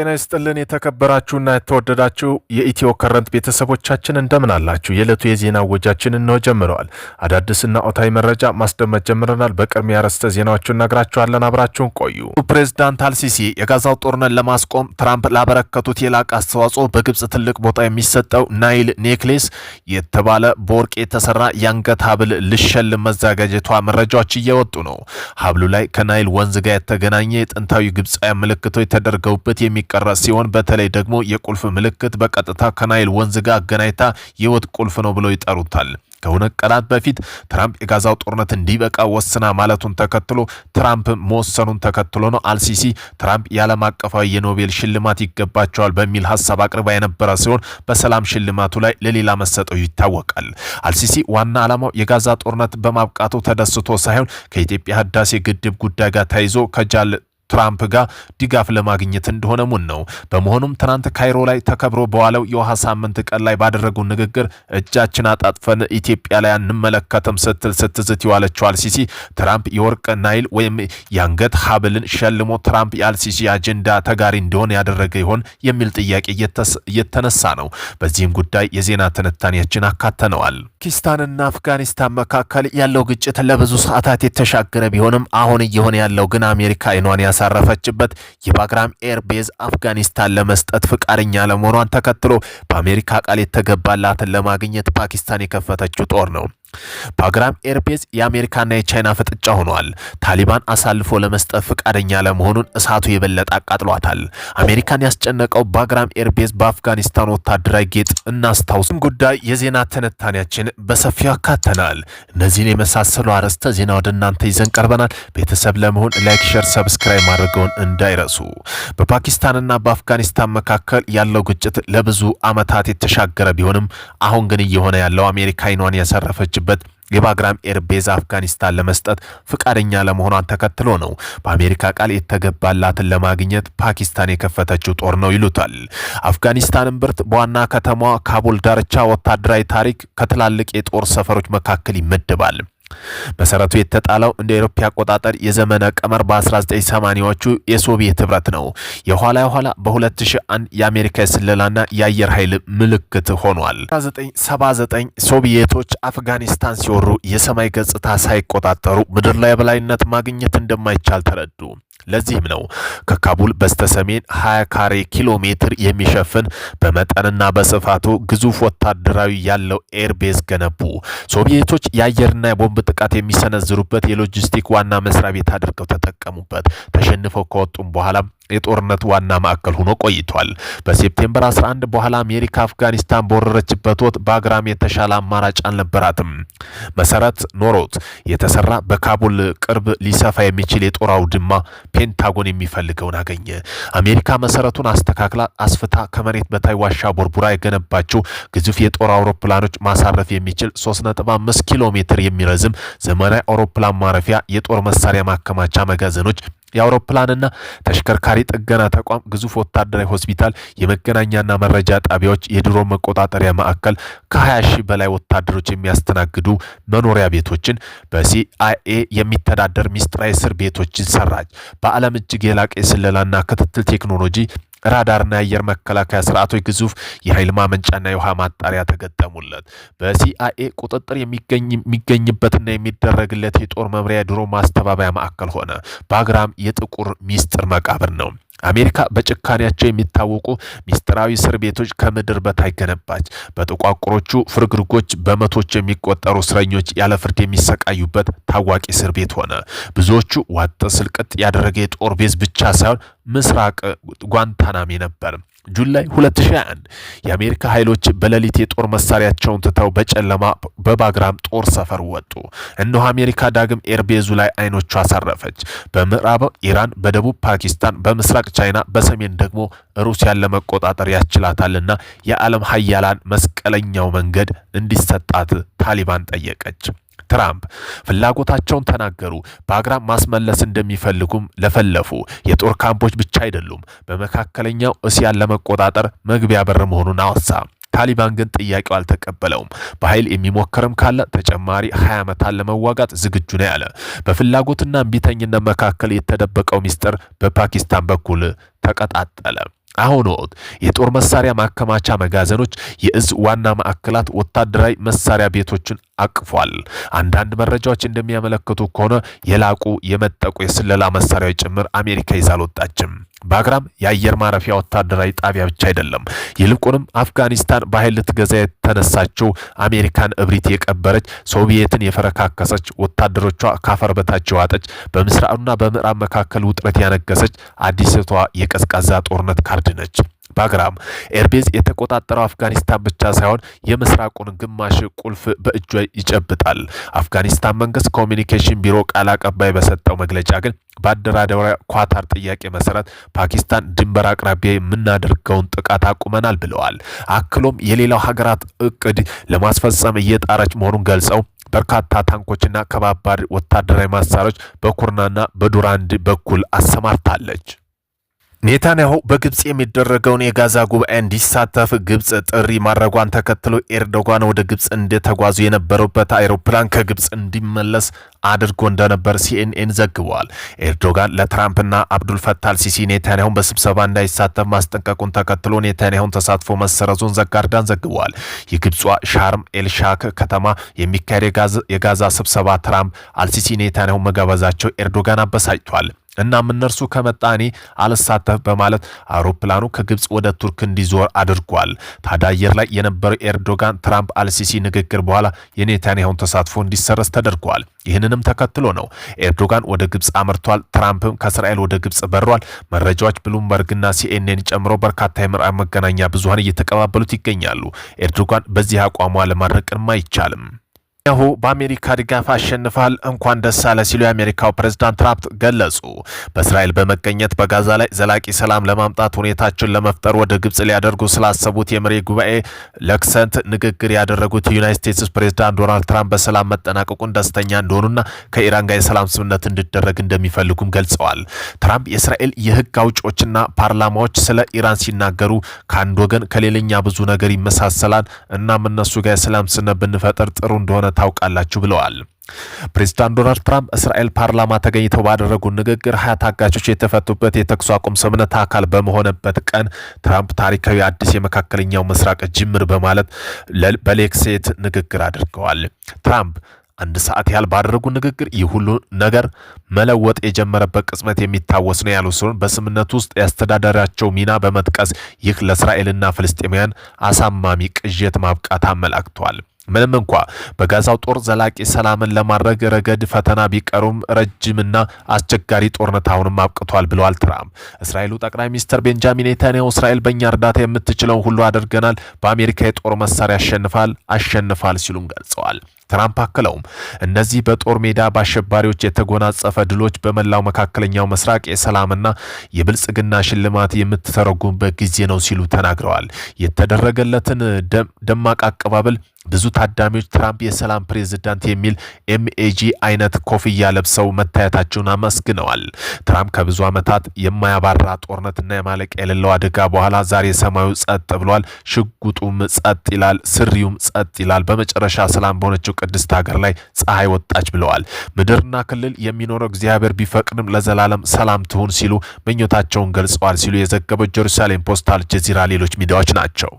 ጤና ይስጥልን የተከበራችሁና የተወደዳችሁ የኢትዮ ከረንት ቤተሰቦቻችን እንደምን አላችሁ? የዕለቱ የዜና ወጃችን እነሆ ጀምረዋል። አዳዲስና ኦታዊ መረጃ ማስደመጥ ጀምረናል። በቅድሚያ ያረስተ ዜናዎቹን ነግራችኋለን። አብራችሁን ቆዩ። ፕሬዚዳንት አልሲሲ የጋዛው ጦርነት ለማስቆም ትራምፕ ላበረከቱት የላቀ አስተዋጽኦ በግብፅ ትልቅ ቦታ የሚሰጠው ናይል ኔክሌስ የተባለ በወርቅ የተሰራ የአንገት ሀብል ልሸልም መዘጋጀቷ መረጃዎች እየወጡ ነው። ሀብሉ ላይ ከናይል ወንዝ ጋር የተገናኘ የጥንታዊ ግብፃዊ ምልክቶች ተደርገውበት የሚ የሚቀረጽ ሲሆን በተለይ ደግሞ የቁልፍ ምልክት በቀጥታ ከናይል ወንዝ ጋር አገናኝታ የህይወት ቁልፍ ነው ብለው ይጠሩታል። ከሁነ ቀናት በፊት ትራምፕ የጋዛው ጦርነት እንዲበቃ ወስና ማለቱን ተከትሎ ትራምፕ መወሰኑን ተከትሎ ነው አልሲሲ ትራምፕ የዓለም አቀፋዊ የኖቤል ሽልማት ይገባቸዋል በሚል ሀሳብ አቅርባ የነበረ ሲሆን በሰላም ሽልማቱ ላይ ለሌላ መሰጠው ይታወቃል። አልሲሲ ዋና ዓላማው የጋዛ ጦርነት በማብቃቱ ተደስቶ ሳይሆን ከኢትዮጵያ ህዳሴ ግድብ ጉዳይ ጋር ተያይዞ ከጃል ትራምፕ ጋር ድጋፍ ለማግኘት እንደሆነ ሙን ነው። በመሆኑም ትናንት ካይሮ ላይ ተከብሮ በዋለው የውሃ ሳምንት ቀን ላይ ባደረጉ ንግግር እጃችን አጣጥፈን ኢትዮጵያ ላይ አንመለከትም ስትል ስትዝት የዋለችው አልሲሲ ትራምፕ የወርቅ ናይል ወይም የአንገት ሀብልን ሸልሞ ትራምፕ የአልሲሲ አጀንዳ ተጋሪ እንደሆነ ያደረገ ይሆን የሚል ጥያቄ እየተነሳ ነው። በዚህም ጉዳይ የዜና ትንታኔያችን አካተነዋል። ፓኪስታንና አፍጋኒስታን መካከል ያለው ግጭት ለብዙ ሰዓታት የተሻገረ ቢሆንም አሁን እየሆነ ያለው ግን አሜሪካ አይኗን ያሳረፈችበት የባግራም ኤርቤዝ አፍጋኒስታን ለመስጠት ፍቃደኛ ለመሆኗን ተከትሎ በአሜሪካ ቃል የተገባላትን ለማግኘት ፓኪስታን የከፈተችው ጦር ነው። በአግራም ኤርቤዝ የአሜሪካና የቻይና ፍጥጫ ሆኗል። ታሊባን አሳልፎ ለመስጠት ፈቃደኛ ለመሆኑን እሳቱ የበለጠ አቃጥሏታል። አሜሪካን ያስጨነቀው በአግራም ኤርቤዝ በአፍጋኒስታን ወታደራዊ ጌጥ እናስታውስን ጉዳይ የዜና ትንታኔያችን በሰፊው አካተናል። እነዚህን የመሳሰሉ አርዕስተ ዜና ወደ እናንተ ይዘን ቀርበናል። ቤተሰብ ለመሆን ላይክ፣ ሸር፣ ሰብስክራይብ ማድረገውን እንዳይረሱ። በፓኪስታንና በአፍጋኒስታን መካከል ያለው ግጭት ለብዙ አመታት የተሻገረ ቢሆንም አሁን ግን እየሆነ ያለው አሜሪካ አይኗን ያሰረፈች የተገኘችበት የባግራም ኤርቤዝ አፍጋኒስታን ለመስጠት ፍቃደኛ ለመሆኗን ተከትሎ ነው። በአሜሪካ ቃል የተገባላትን ለማግኘት ፓኪስታን የከፈተችው ጦር ነው ይሉታል። አፍጋኒስታን ብርት በዋና ከተማዋ ካቡል ዳርቻ ወታደራዊ ታሪክ ከትላልቅ የጦር ሰፈሮች መካከል ይመደባል። መሰረቱ የተጣለው እንደ አውሮፓ አቆጣጠር የዘመነ ቀመር በ1980ዎቹ የሶቪየት ህብረት ነው። የኋላ የኋላ በ2001 የአሜሪካ የስለላና የአየር ኃይል ምልክት ሆኗል። 1979 ሶቪየቶች አፍጋኒስታን ሲወሩ የሰማይ ገጽታ ሳይቆጣጠሩ ምድር ላይ የበላይነት ማግኘት እንደማይቻል ተረዱ። ለዚህም ነው ከካቡል በስተሰሜን 20 ካሬ ኪሎ ሜትር የሚሸፍን በመጠንና በስፋቱ ግዙፍ ወታደራዊ ያለው ኤርቤዝ ገነቡ። ሶቪየቶች የአየርና የቦምብ ጥቃት የሚሰነዝሩበት የሎጂስቲክ ዋና መስሪያ ቤት አድርገው ተጠቀሙበት። ተሸንፈው ከወጡም በኋላም የጦርነት ዋና ማዕከል ሆኖ ቆይቷል። በሴፕቴምበር 11 በኋላ አሜሪካ አፍጋኒስታን በወረረችበት ወቅት በአግራም የተሻለ አማራጭ አልነበራትም። መሰረት ኖሮት የተሰራ በካቡል ቅርብ ሊሰፋ የሚችል የጦር አውድማ ፔንታጎን የሚፈልገውን አገኘ። አሜሪካ መሰረቱን አስተካክላ አስፍታ ከመሬት በታይ ዋሻ ቦርቡራ የገነባቸው ግዙፍ የጦር አውሮፕላኖች ማሳረፍ የሚችል 3.5 ኪሎ ሜትር የሚረዝም ዘመናዊ አውሮፕላን ማረፊያ፣ የጦር መሳሪያ ማከማቻ መጋዘኖች፣ የአውሮፕላንና ተሽከርካሪ የፈጣሪ ጥገና ተቋም፣ ግዙፍ ወታደራዊ ሆስፒታል፣ የመገናኛና መረጃ ጣቢያዎች፣ የድሮ መቆጣጠሪያ ማዕከል፣ ከ20 ሺህ በላይ ወታደሮች የሚያስተናግዱ መኖሪያ ቤቶችን፣ በሲአይኤ የሚተዳደር ሚስጥራዊ እስር ቤቶችን ሰራች። በዓለም እጅግ የላቀ የስለላና ክትትል ቴክኖሎጂ ራዳርና የአየር መከላከያ ስርዓቶች ግዙፍ የኃይል ማመንጫና የውሃ ማጣሪያ ተገጠሙለት። በሲአይኤ ቁጥጥር የሚገኝበትና የሚደረግለት የጦር መምሪያ ድሮ ማስተባበያ ማዕከል ሆነ። ባግራም የጥቁር ሚስጥር መቃብር ነው። አሜሪካ በጭካኔያቸው የሚታወቁ ሚስጥራዊ እስር ቤቶች ከምድር በታይ ገነባች። በጥቋቁሮቹ ፍርግርጎች በመቶች የሚቆጠሩ እስረኞች ያለ ፍርድ የሚሰቃዩበት ታዋቂ እስር ቤት ሆነ። ብዙዎቹ ዋጠ ስልቅጥ ያደረገ የጦር ቤዝ ብቻ ሳይሆን ምስራቅ ጓንታናሜ ነበር። ጁላይ 2021 የአሜሪካ ኃይሎች በሌሊት የጦር መሳሪያቸውን ትተው በጨለማ በባግራም ጦር ሰፈር ወጡ። እነሆ አሜሪካ ዳግም ኤርቤዙ ላይ አይኖቿ አሳረፈች። በምዕራብ ኢራን፣ በደቡብ ፓኪስታን፣ በምስራቅ ቻይና፣ በሰሜን ደግሞ ሩሲያን ለመቆጣጠር ያስችላታልና የዓለም ሀያላን መስቀለኛው መንገድ እንዲሰጣት ታሊባን ጠየቀች። ትራምፕ ፍላጎታቸውን ተናገሩ። በአግራም ማስመለስ እንደሚፈልጉም ለፈለፉ። የጦር ካምፖች ብቻ አይደሉም፣ በመካከለኛው እስያን ለመቆጣጠር መግቢያ በር መሆኑን አወሳ። ታሊባን ግን ጥያቄው አልተቀበለውም። በኃይል የሚሞከርም ካለ ተጨማሪ 20 ዓመታት ለመዋጋት ዝግጁ ነው ያለ። በፍላጎትና እምቢተኝነት መካከል የተደበቀው ሚስጥር በፓኪስታን በኩል ተቀጣጠለ። አሁን ወቅት የጦር መሳሪያ ማከማቻ መጋዘኖች፣ የእዝ ዋና ማዕከላት፣ ወታደራዊ መሳሪያ ቤቶችን አቅፏል። አንዳንድ መረጃዎች እንደሚያመለክቱ ከሆነ የላቁ የመጠቁ የስለላ መሳሪያዎች ጭምር አሜሪካ ይዛ አልወጣችም። ባግራም የአየር ማረፊያ ወታደራዊ ጣቢያ ብቻ አይደለም። ይልቁንም አፍጋኒስታን በኃይል ልትገዛ የተነሳችው አሜሪካን እብሪት የቀበረች፣ ሶቪየትን የፈረካከሰች፣ ወታደሮቿ ካፈር በታች የዋጠች፣ በምስራቅና በምዕራብ መካከል ውጥረት ያነገሰች አዲስቷ የቀዝቃዛ ጦርነት ካርድ ነች። ባግራም ኤርቤዝ የተቆጣጠረው አፍጋኒስታን ብቻ ሳይሆን የምስራቁን ግማሽ ቁልፍ በእጇ ይጨብጣል። አፍጋኒስታን መንግስት ኮሚኒኬሽን ቢሮ ቃል አቀባይ በሰጠው መግለጫ ግን በአደራደራ ኳታር ጥያቄ መሰረት ፓኪስታን ድንበር አቅራቢያ የምናደርገውን ጥቃት አቁመናል ብለዋል። አክሎም የሌላው ሀገራት እቅድ ለማስፈጸም እየጣረች መሆኑን ገልጸው በርካታ ታንኮችና ከባባድ ወታደራዊ መሳሪያዎች በኩርናና በዱራንድ በኩል አሰማርታለች። ኔታንያሁ በግብፅ የሚደረገውን የጋዛ ጉባኤ እንዲሳተፍ ግብፅ ጥሪ ማድረጓን ተከትሎ ኤርዶጋን ወደ ግብፅ እንደተጓዙ የነበረበት አይሮፕላን ከግብፅ እንዲመለስ አድርጎ እንደነበር ሲኤንኤን ዘግቧል። ኤርዶጋን ለትራምፕና አብዱልፈታል ሲሲ ኔታንያሁን በስብሰባ እንዳይሳተፍ ማስጠንቀቁን ተከትሎ ኔታንያሁን ተሳትፎ መሰረዙን ዘጋርዳን ዘግቧል። የግብጿ ሻርም ኤልሻክ ከተማ የሚካሄድ የጋዛ ስብሰባ ትራምፕ አልሲሲ ኔታንያሁን መጋበዛቸው ኤርዶጋን አበሳጭቷል። እናም እነርሱ ከመጣ እኔ አልሳተፍ በማለት አውሮፕላኑ ከግብፅ ወደ ቱርክ እንዲዞር አድርጓል። ታዲያ አየር ላይ የነበረው ኤርዶጋን ትራምፕ አልሲሲ ንግግር በኋላ የኔታንያሁን ተሳትፎ እንዲሰረዝ ተደርጓል። ይህንንም ተከትሎ ነው ኤርዶጋን ወደ ግብፅ አምርቷል። ትራምፕም ከእስራኤል ወደ ግብፅ በሯል። መረጃዎች ብሉምበርግና ሲኤንኤን ጨምሮ በርካታ የምዕራብ መገናኛ ብዙሀን እየተቀባበሉት ይገኛሉ። ኤርዶጋን በዚህ አቋሟ ለማድረቅ አይቻልም። ኔታንያሁ በአሜሪካ ድጋፍ አሸንፋል እንኳን ደስ አለ ሲሉ የአሜሪካው ፕሬዝዳንት ትራምፕ ገለጹ። በእስራኤል በመገኘት በጋዛ ላይ ዘላቂ ሰላም ለማምጣት ሁኔታችን ለመፍጠር ወደ ግብጽ ሊያደርጉ ስላሰቡት የመሪ ጉባኤ ለክሰንት ንግግር ያደረጉት የዩናይት ስቴትስ ፕሬዚዳንት ዶናልድ ትራምፕ በሰላም መጠናቀቁን ደስተኛ እንደሆኑና ከኢራን ጋር የሰላም ስምምነት እንዲደረግ እንደሚፈልጉም ገልጸዋል። ትራምፕ የእስራኤል የህግ አውጪዎችና ፓርላማዎች ስለ ኢራን ሲናገሩ ከአንድ ወገን ከሌለኛ ብዙ ነገር ይመሳሰላል እናም እነሱ ጋር የሰላም ስምምነት ብንፈጥር ጥሩ እንደሆነ ታውቃላችሁ ብለዋል። ፕሬዚዳንት ዶናልድ ትራምፕ እስራኤል ፓርላማ ተገኝተው ባደረጉ ንግግር ሀያ ታጋቾች የተፈቱበት የተኩስ አቁም ስምምነት አካል በመሆነበት ቀን ትራምፕ ታሪካዊ አዲስ የመካከለኛው ምስራቅ ጅምር በማለት በሌክሴት ንግግር አድርገዋል። ትራምፕ አንድ ሰዓት ያህል ባደረጉ ንግግር ይህ ሁሉ ነገር መለወጥ የጀመረበት ቅጽበት የሚታወስ ነው ያሉ ሲሆን በስምምነቱ ውስጥ ያስተዳደራቸው ሚና በመጥቀስ ይህ ለእስራኤልና ፍልስጤማውያን አሳማሚ ቅዠት ማብቃት አመላክቷል። ምንም እንኳ በጋዛው ጦር ዘላቂ ሰላምን ለማድረግ ረገድ ፈተና ቢቀሩም ረጅምና አስቸጋሪ ጦርነት አሁንም አብቅቷል ብለዋል ትራምፕ። እስራኤሉ ጠቅላይ ሚኒስትር ቤንጃሚን ኔታንያሁ እስራኤል በእኛ እርዳታ የምትችለው ሁሉ አድርገናል፣ በአሜሪካ የጦር መሳሪያ አሸንፋል አሸንፋል ሲሉም ገልጸዋል። ትራምፕ አክለውም እነዚህ በጦር ሜዳ በአሸባሪዎች የተጎናጸፈ ድሎች በመላው መካከለኛው ምስራቅ የሰላምና የብልጽግና ሽልማት የምትተረጉምበት ጊዜ ነው ሲሉ ተናግረዋል። የተደረገለትን ደማቅ አቀባበል ብዙ ታዳሚዎች ትራምፕ የሰላም ፕሬዝዳንት የሚል ኤምኤጂ አይነት ኮፍያ ለብሰው መታየታቸውን አመስግነዋል። ትራምፕ ከብዙ ዓመታት የማያባራ ጦርነትና የማለቂያ የሌለው አደጋ በኋላ ዛሬ ሰማዩ ጸጥ ብሏል፣ ሽጉጡም ጸጥ ይላል፣ ስሪውም ጸጥ ይላል፣ በመጨረሻ ሰላም በሆነችው ቅድስት ሀገር ላይ ፀሐይ ወጣች ብለዋል። ምድርና ክልል የሚኖረው እግዚአብሔር ቢፈቅድም ለዘላለም ሰላም ትሁን ሲሉ ምኞታቸውን ገልጸዋል ሲሉ የዘገበው ጀሩሳሌም ፖስት፣ አልጀዚራ ሌሎች ሚዲያዎች ናቸው።